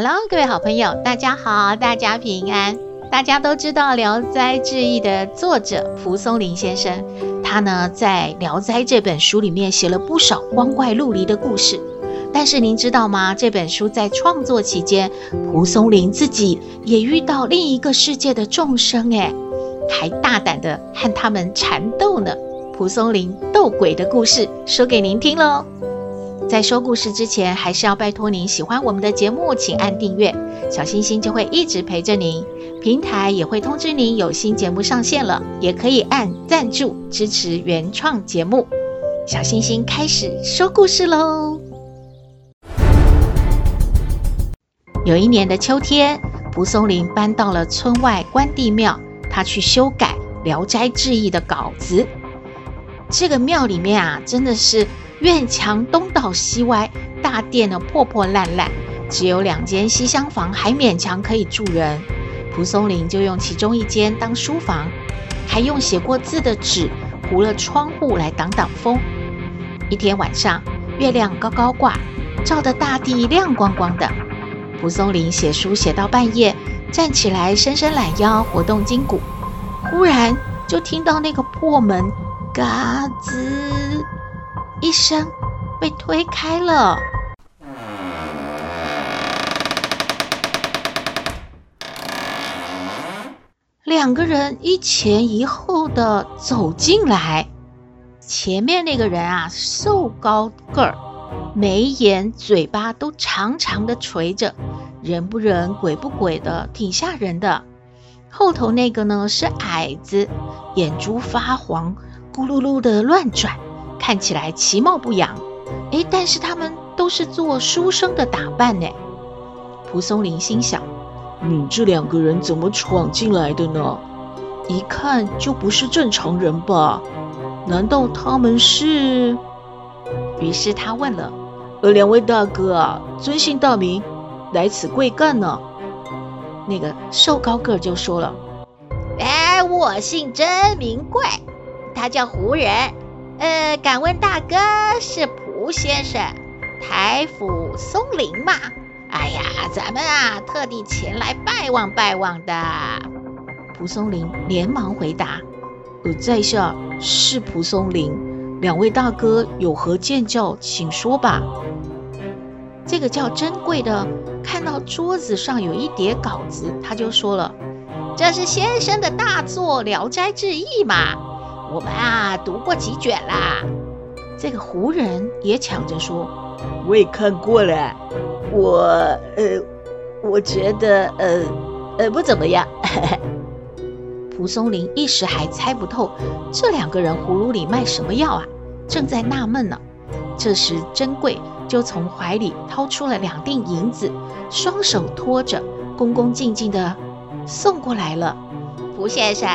Hello，各位好朋友，大家好，大家平安。大家都知道《聊齋志異》的作者蒲松齡先生，他呢，在《聊齋》這本書裡面寫了不少光怪陸離的故事。但是您知道嗎？這本書在創作期間，蒲松齡自己也遇到另一個世界的眾生，誒，還大膽的和他們纏鬥呢。蒲松齡鬥鬼的故事，說給您聽嘍。在說故事之前，還是要拜托您喜歡我們的節目，請按訂閱，小星星就會一直陪着您。平台也會通知您有新節目上線了，也可以按贊助支持原創節目。小星星開始說故事嘍。有一年的秋天，蒲松齡搬到了村外關帝廟，他去修改《聊齋志異》的稿子。這個廟裡面啊，真的是。院牆東倒西歪，大殿呢破破爛爛，只有兩間西廂房還勉強可以住人。蒲松齡就用其中一間當書房，還用寫過字的紙糊了窗戶來擋擋風。一天晚上，月亮高高掛，照得大地亮光光的。蒲松齡寫書寫到半夜，站起來伸伸懶腰，活動筋骨，忽然就聽到那個破門“嘎吱”。一聲被推開了，兩個人一前一後的走進來。前面那個人啊，瘦高個兒，眉眼嘴巴都長長的垂着，人不人鬼不鬼的，挺嚇人的。後頭那個呢是矮子，眼珠發黃，咕嚕嚕的亂轉。看起來其貌不揚，誒，但是他們都是做書生的打扮呢。蒲松齡心想：你這兩個人怎麼闖進來的呢？一看就不是正常人吧？難道他們是？於是他問了：“呃，兩位大哥、啊，尊姓大名，來此貴幹呢？”那個瘦高個就說了：“哎、呃，我姓甄，名貴，他叫胡仁。”呃，敢問大哥是蒲先生，台甫松齡嗎？哎呀，咱們啊，特地前來拜望拜望的。蒲松齡連忙回答：“呃，在下是蒲松齡，兩位大哥有何見教，請說吧。”這個叫甄貴的，看到桌子上有一疊稿子，他就說了：“這是先生的大作《聊齋志異》嘛。”我們啊，讀過幾卷啦。這個胡仁也搶着說：“我也看過了，我呃，我覺得呃呃不怎麼樣。 ”蒲松齡一時還猜不透這兩個人葫蘆裡賣什麼藥啊，正在納悶呢。這時，甄貴就從懷裡掏出了兩錠銀子，雙手托着，恭恭敬敬地送過來了。蒲先生，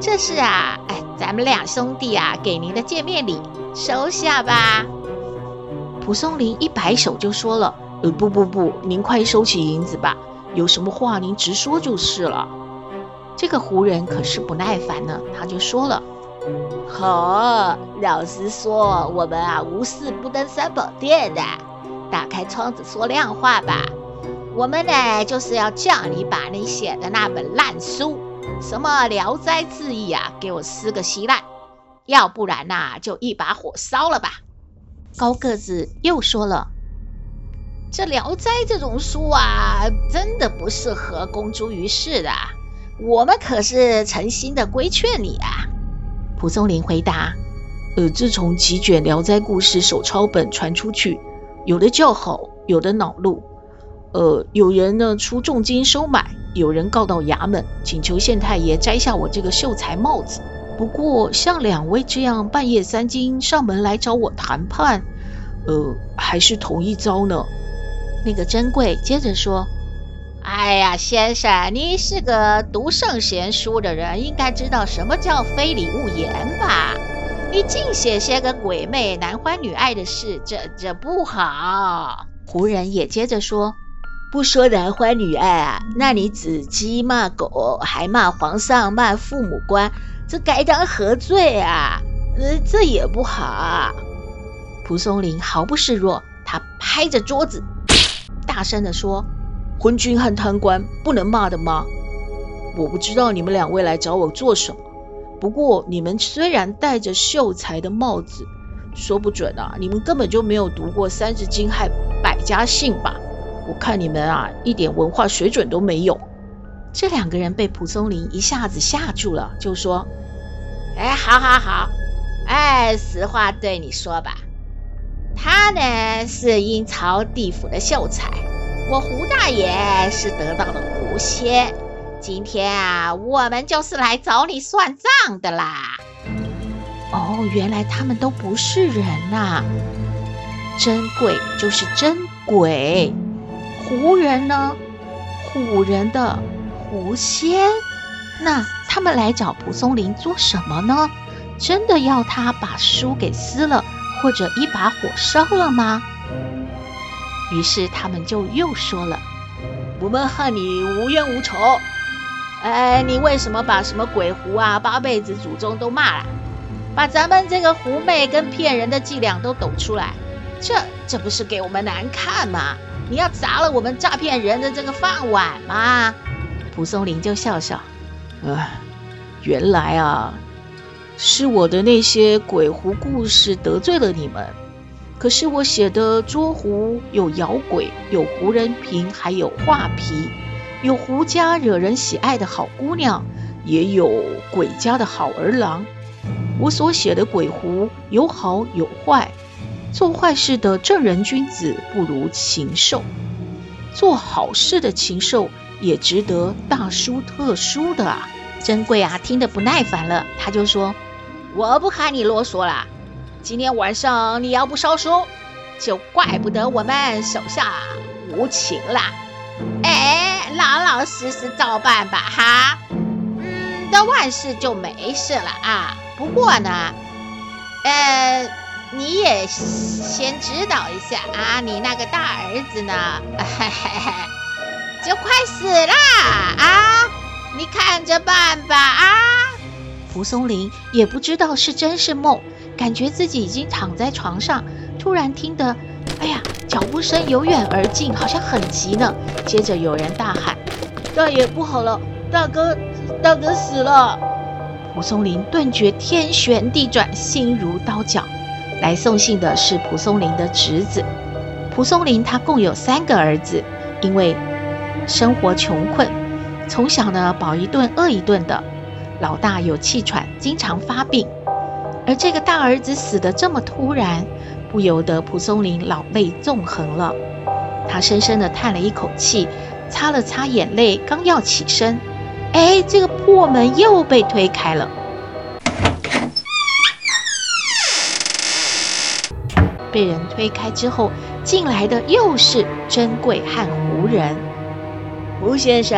這是啊，哎。咱們兩兄弟啊，給您的見面禮，收下吧。蒲松齡一擺手就說了：“呃，不不不，您快收起銀子吧。有什麼話您直說就是了。”這個胡仁可是不耐煩呢，他就說了：“嗯、好，老實說，我們啊，無事不登三寶殿的，打開窗子說亮話吧。我們呢就是要叫你把你寫的那本爛書。”什麼《聊齋志異》啊，給我撕個稀爛，要不然吶、啊，就一把火燒了吧。高個子又說了，這《聊齋》這種書啊，真的不適合公諸於世的。我們可是誠心的規勸你啊。蒲松齡回答，呃，自從幾卷《聊齋故事》手抄本傳出去，有的叫好，有的惱怒。呃，有人呢出重金收買，有人告到衙門，請求縣太爺摘下我這個秀才帽子。不過像兩位這樣半夜三更上門來找我談判，呃，還是頭一遭呢。那個甄貴接着說，哎呀，先生，你是個讀聖賢書的人，應該知道什麼叫非禮勿言吧？你淨寫些個鬼魅、男歡女愛的事，這這不好。胡仁也接着說。不說男歡女愛啊，那你指雞罵狗，還罵皇上，罵父母官，這該當何罪啊？呃，這也不好啊。蒲松齡毫不示弱，他拍着桌子，大聲地說：“昏 君和貪官，不能罵的嗎？我不知道你們兩位來找我做什麼。不過你們雖然戴着秀才的帽子，說不準啊，你們根本就沒有讀過《三字經》和《百家姓》吧？”我看你們啊，一點文化水準都沒有。這兩個人被蒲松齡一下子嚇住了，就說：“哎，好好好，哎，實話對你說吧，他呢是陰曹地府的秀才，我胡大爺是得到了狐仙。今天啊，我們就是來找你算賬的啦。”哦，原來他們都不是人吶、啊，甄貴就是真鬼。嗯狐人呢？狐人的狐仙，那他們來找蒲松齡做什麼呢？真的要他把書給撕了，或者一把火燒了嗎？於是他們就又說了：“我們和你無冤無仇，哎，你為什麼把什麼鬼狐啊、八輩子祖宗都罵了，把咱們這個狐媚跟騙人的伎倆都抖出來？這這不是給我們難看嗎？”你要砸了我們詐騙人的這個飯碗嗎？蒲松齡就笑笑，啊，原來啊是我的那些鬼狐故事得罪了你們。可是我寫的捉狐有咬鬼、有狐入瓶，還有畫皮，有狐家惹人喜愛的好姑娘，也有鬼家的好兒郎。我所寫的鬼狐有好有壞。做壞事的正人君子不如禽獸，做好事的禽獸也值得大書特書的啊！甄貴啊，聽得不耐煩了，他就說：“我不和你囉嗦了，今天晚上你要不燒書，就怪不得我們手下無情了。”哎，老老實實照辦吧，哈，嗯，那萬事就沒事了啊。不過呢，呃。你也先指導一下啊！你那個大兒子呢？嘿嘿嘿，就快死了啊！你看着辦吧啊！蒲松齡也不知道是真是夢，感覺自己已經躺在床上，突然聽得，哎呀，腳步聲由遠而近，好像很急呢。接着有人大喊：“大爺，不好了！大哥，大哥死了！”蒲松齡頓覺天旋地轉，心如刀絞。來送信的是蒲松齡的侄子。蒲松齡他共有三個兒子，因為生活窮困，從小呢飽一頓餓一頓的。老大有氣喘，經常發病。而這個大兒子死得這麼突然，不由得蒲松齡老淚縱橫了。他深深地嘆了一口氣，擦了擦眼淚，剛要起身，哎，這個破門又被推開了。被人推開之後，進來的又是甄貴和胡仁。胡先生，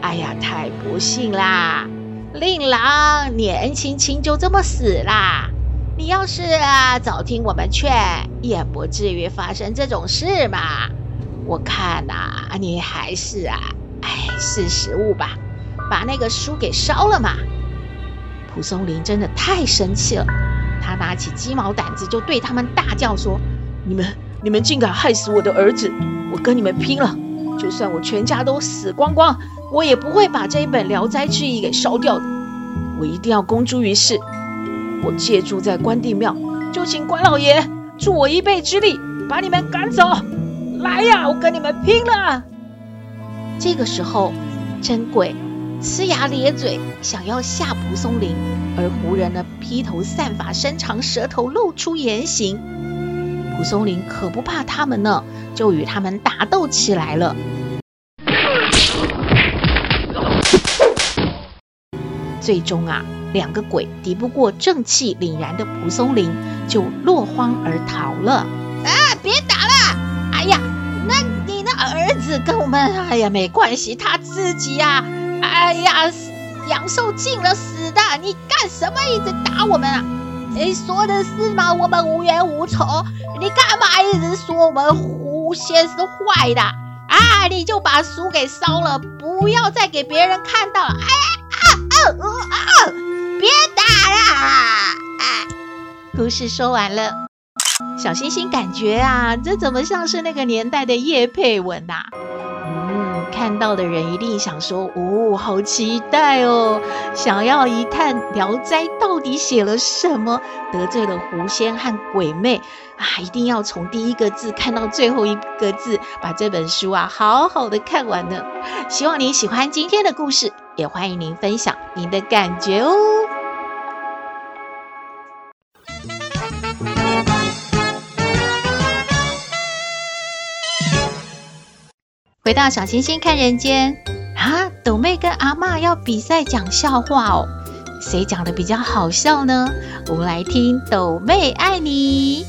哎呀，太不幸啦！令郎年輕輕就這麼死啦！你要是、啊、早聽我們勸，也不至於發生這種事嘛。我看吶、啊，你還是啊，哎，識時務吧，把那個書給燒了嘛。蒲松齡真的太生氣了。他拿起雞毛撣子，就對他們大叫說：“你們，你們竟敢害死我的兒子！我跟你們拼了！就算我全家都死光光，我也不會把這一本《聊齋志異》給燒掉的。我一定要公諸於世。我借住在關帝廟，就請關老爺助我一臂之力，把你們趕走！來呀，我跟你們拼了！”這個時候，甄貴。呲牙咧嘴，想要嚇蒲松齡，而胡仁呢，披頭散髮，伸長舌頭，露出原形。蒲松齡可不怕他們呢，就與他們打鬥起來了。 最終啊，兩個鬼敵不過正氣凛然的蒲松齡，就落荒而逃了。啊，別打了！哎呀，那你的兒子跟我們哎呀沒關係，他自己呀、啊。哎呀，是陽壽盡了死的！你幹什麼一直打我們啊？你說的是嗎？我們無冤無仇，你幹嘛一直說我們狐仙是壞的啊？你就把書給燒了，不要再給別人看到了！哎呀啊啊、嗯、啊別打了、啊！故事說完了，小星星感覺啊，這怎麼像是那個年代的業配文吶、啊？看到的人一定想說：“哦，好期待哦，想要一探《聊齋》到底寫了什麼，得罪了狐仙和鬼魅啊！”一定要從第一個字看到最後一個字，把這本書啊好好的看完呢。希望您喜歡今天的故事，也歡迎您分享您的感覺哦。回到小星星看人間啊！斗妹跟阿嬤要比賽講笑話哦，誰講的比較好笑呢？我們來聽斗妹愛你。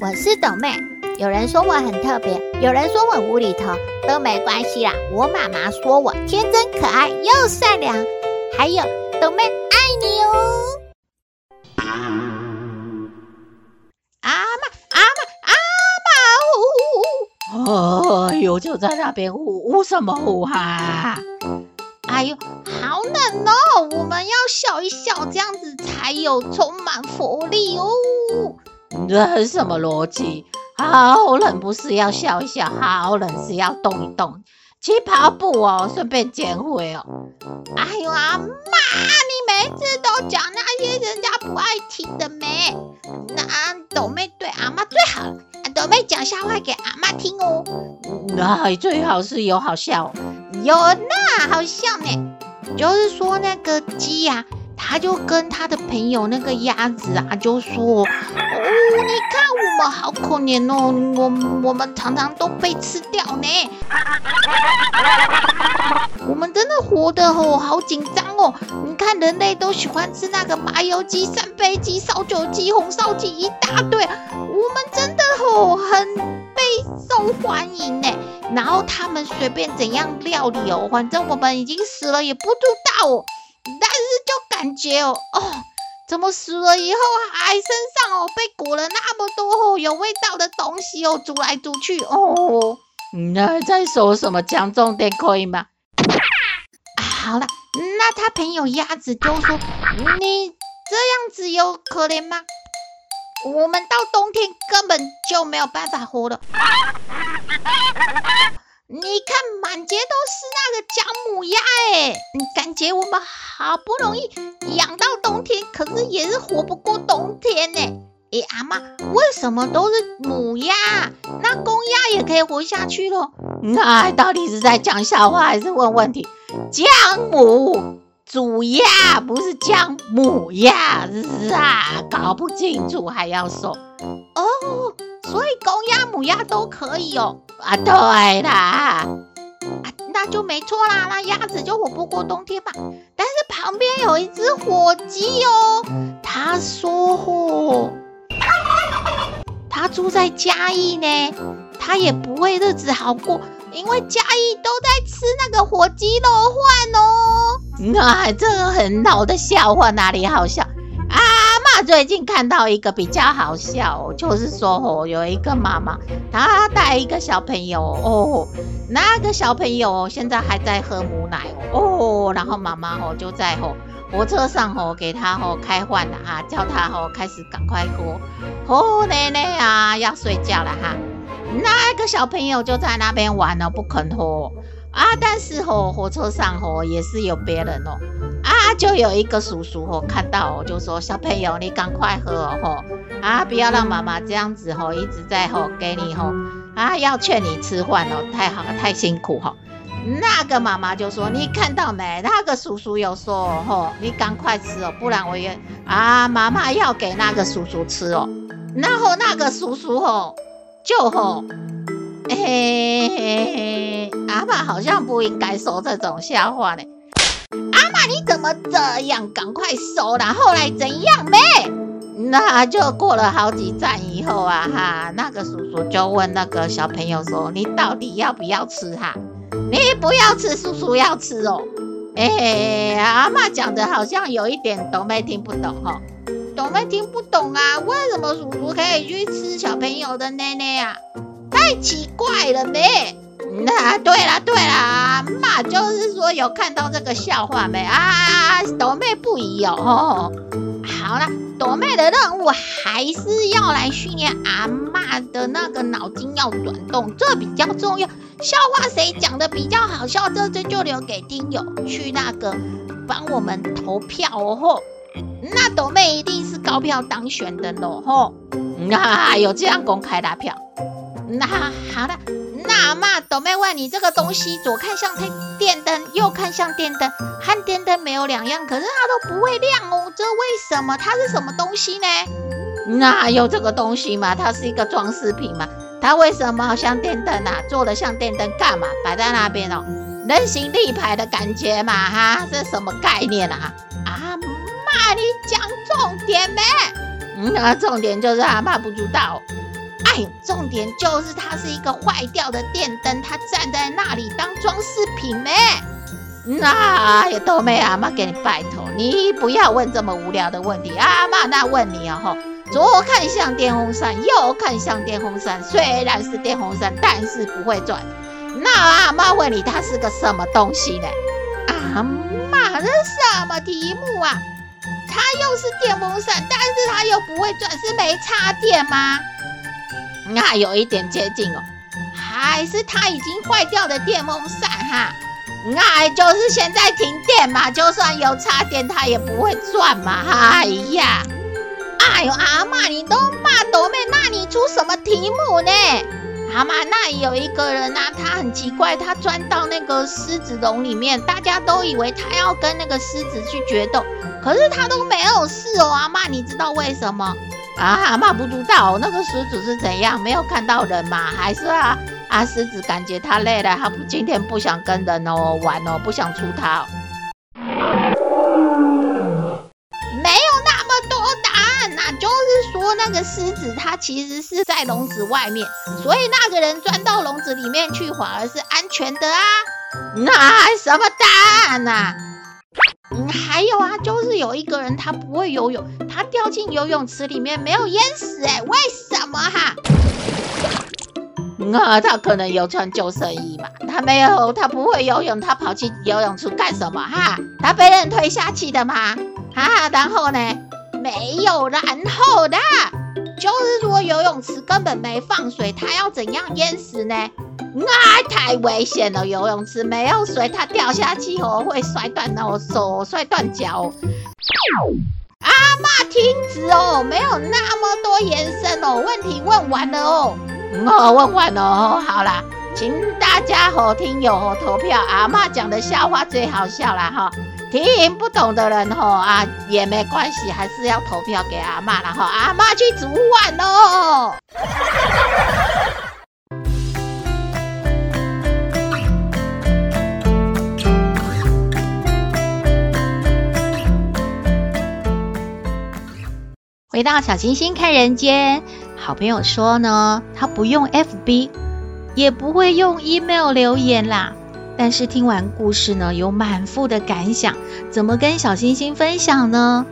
我是斗妹，有人說我很特別，有人說我無厘頭，都沒關係啦。我媽媽說我天真可愛又善良，還有斗妹愛你哦。我就在那邊呼呼什麼呼哈？哎呦，好冷哦！我們要笑一笑，這樣子才有充滿活力哦。這什麼邏輯？好冷不是要笑一笑，好冷是要動一動，去跑步哦，順便減肥哦。哎呦，阿嬤，你每次都講那些人家不愛聽的咩？那斗妹對阿嬤最好了。都沒講笑話給阿嬤聽哦，那、啊、最好是有好笑，有那好笑呢。就是說那個雞啊，他就跟他的朋友那個鴨子啊，就說：哦，你看我們好可憐哦，我我們常常都被吃掉呢。 我們真的活得，哦、好緊張哦。你看人類都喜歡吃那個麻油雞、三杯雞、燒酒雞、紅燒雞一大堆，我們真的。哦，很受歡迎呢。然後他們隨便怎樣料理哦，反正我們已經死了也不知道。哦。但是就感覺哦哦，怎麼死了以後還身上哦被裹了那麼多哦有味道的東西哦，煮來煮去哦。那再說什麼，講重點可以嗎？啊、好了，那他朋友鴨子就說：“你這樣子有可憐嗎？”我們到冬天根本就沒有辦法活了。你看滿街都是那個薑母鴨哎，感覺我們好不容易養到冬天，可是也是活不過冬天誒，誒，阿嬤，為什麼都是母鴨啊？那公鴨也可以活下去嘍？那，嗯，啊，到底是在講笑話還是問問題？薑母。主鴨不是薑母鴨是啊，搞不清楚還要說哦，所以公鴨母鴨都可以哦啊，對啦，啊那就沒錯啦，那鴨子就活不過冬天吧。但是旁邊有一隻火雞哦，他說、哦：“吼、啊，他住在嘉義呢，他也不會日子好過，因為嘉義都在吃那個火雞肉飯哦。”那、嗯啊、這很老的笑話哪裡好笑啊？阿嬤最近看到一個比較好笑、哦，就是說吼、哦、有一個媽媽，她帶一個小朋友哦，那個小朋友現在還在喝母奶哦，哦然後媽媽吼、哦、就在吼、哦、火車上吼、哦、給他吼、哦、開飯了啊，叫他吼、哦、開始趕快喝，吼奶奶啊要睡覺了哈，那個小朋友就在那邊玩了、哦，不肯喝。啊！但是吼，火車上吼也是有別人哦，啊，就有一個叔叔吼看到我就說，小朋友你趕快喝哦、喔、吼，啊，不要讓媽媽這樣子吼一直在吼給你吼，啊，要勸你吃飯哦、喔，太好太辛苦吼。那個媽媽就說，你看到沒？那個叔叔有說吼，你趕快吃哦、喔，不然我也啊，媽媽要給那個叔叔吃哦、喔。然後那個叔叔吼就吼。嘿，嘿，嘿，阿嬤好像不應該說這種笑話咧。阿媽，你怎麼這樣？趕快收啦！後來怎樣咩？那就過了好幾站以後啊，哈，那個叔叔就問那個小朋友說：“你到底要不要吃哈、啊？你不要吃，叔叔要吃哦。”哎，阿媽講的好像有一點懂，沒聽不懂哦，懂沒聽不懂啊？為什麼叔叔可以去吃小朋友的奶奶啊？太奇怪了唄！啊，對了對了，阿嬤就是說，有看到這個笑話沒？啊，斗妹不一樣、哦？好了，斗妹的任務還是要來訓練阿嬤的那個腦筋要轉動，這比較重要。笑話誰講得比較好笑，這就就留給聽友去那個幫我們投票哦。那斗妹一定是高票當選的吼、哦、哈、啊，有這樣公開拉票。那、啊、好的，那阿嬤斗妹問你，這個東西左看像電燈，右看像電燈，和電燈沒有兩樣，可是它都不會亮哦，這為什麼？它是什麼東西呢？那有這個東西嘛？它是一個裝飾品嘛？它為什麼像電燈啊？做的像電燈幹嘛？擺在那邊哦，人形立牌的感覺嘛，哈，這什麼概念啊？阿、啊、嬤，你講重點唄。嗯，那、啊、重點就是阿、啊、嬤不知道。重點就是它是一個壞掉的電燈，它站在那裡當裝飾品呢、欸。那、嗯、也、啊哎、斗妹阿媽給你拜託，你不要問這麼無聊的問題。阿媽那問你啊、喔，左看像電風扇，右看像電風扇。雖然是電風扇，但是不會轉。那阿媽問你，它是個什麼東西呢？阿媽，這是什麼題目啊？它又是電風扇，但是它又不會轉，是沒插電嗎？那、嗯啊、有一點接近哦，還是它已經壞掉的電風扇哈。那、嗯啊、就是現在停電嘛，就算有插電它也不會轉嘛。哎呀，哎呦阿嬤，你都罵斗妹，那你出什麼題目呢？阿嬤，那有一個人吶、啊，他很奇怪，他鑽到那個獅子籠裡面，大家都以為他要跟那個獅子去決鬥，可是他都沒有事哦。阿嬤，你知道為什麼？啊，罵不知道那個獅子是怎樣？沒有看到人嘛？還是啊啊，獅子感覺他累了，他不今天不想跟人哦玩哦，不想出逃、哦。沒有那麼多答案啊，就是說那個獅子它其實是在籠子外面，所以那個人鑽到籠子裡面去反而是安全的啊？那、嗯啊、什麼答案、啊？那。嗯，還有啊，就是有一個人他不會游泳，他掉進游泳池裡面沒有淹死哎、欸，為什麼哈？嗯、啊，他可能有穿救生衣嘛？他沒有，他不會游泳，他跑去游泳池幹什麼哈？他被人推下去的嘛？啊，然後呢？沒有然後的。就是說游泳池根本沒放水，他要怎樣淹死呢？嗯啊、太危險了！游泳池沒有水，他掉下去哦會摔斷哦手摔斷腳，嗯。阿嬤停止哦，沒有那麼多延伸哦。問題問完了哦，我、嗯哦、問完哦，好啦，請大家好、哦、聽友、哦、投票，阿嬤講的笑話最好笑啦哈。哦聽不懂的人吼啊也沒關係，還是要投票給阿嬤，然後阿嬤去煮飯嘍。 回到小星星看人間，好朋友說呢，他不用 FB，也不會用 email 留言啦。但是聽完故事呢，有滿腹的感想，怎麼跟小星星分享呢？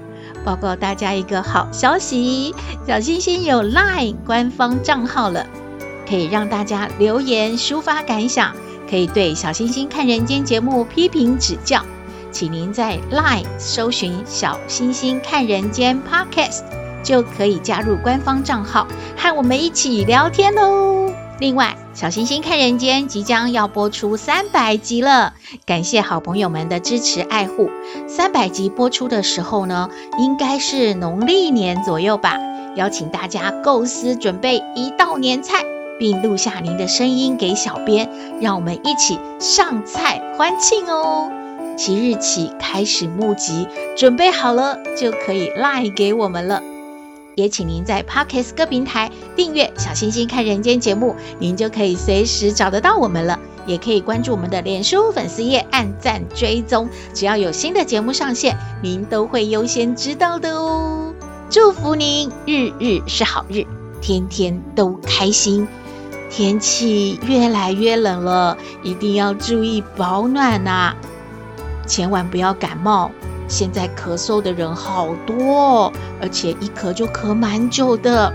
報告大家一個好消息，小星星有 LINE 官方賬號了，可以讓大家留言抒發感想，可以對小星星看人間節目批評指教，請您在 LINE 搜尋小星星看人間 Podcast，就可以加入官方賬號，和我們一起聊天嘍。另外，《小星星看人間》即將要播出三百集了，感謝好朋友們的支持愛護。三百集播出的時候呢，應該是農曆年左右吧。邀請大家構思準備一道年菜，並錄下您的聲音給小編，讓我們一起上菜歡慶哦、喔。即日起開始募集，準備好了就可以賴給我們了。也請您在 Podcast 各平台訂閱《小星星看人間》節目，您就可以隨時找得到我們了。也可以關注我們的臉書粉絲頁、按讚追蹤，只要有新的節目上線，您都會優先知道的哦。祝福您日日是好日，天天都開心。天氣越來越冷了，一定要注意保暖吶、啊，千萬不要感冒。現在咳嗽的人好多，而且一咳就咳蠻久的。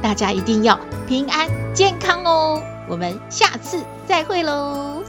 大家一定要平安健康哦，我們下次再會嘍。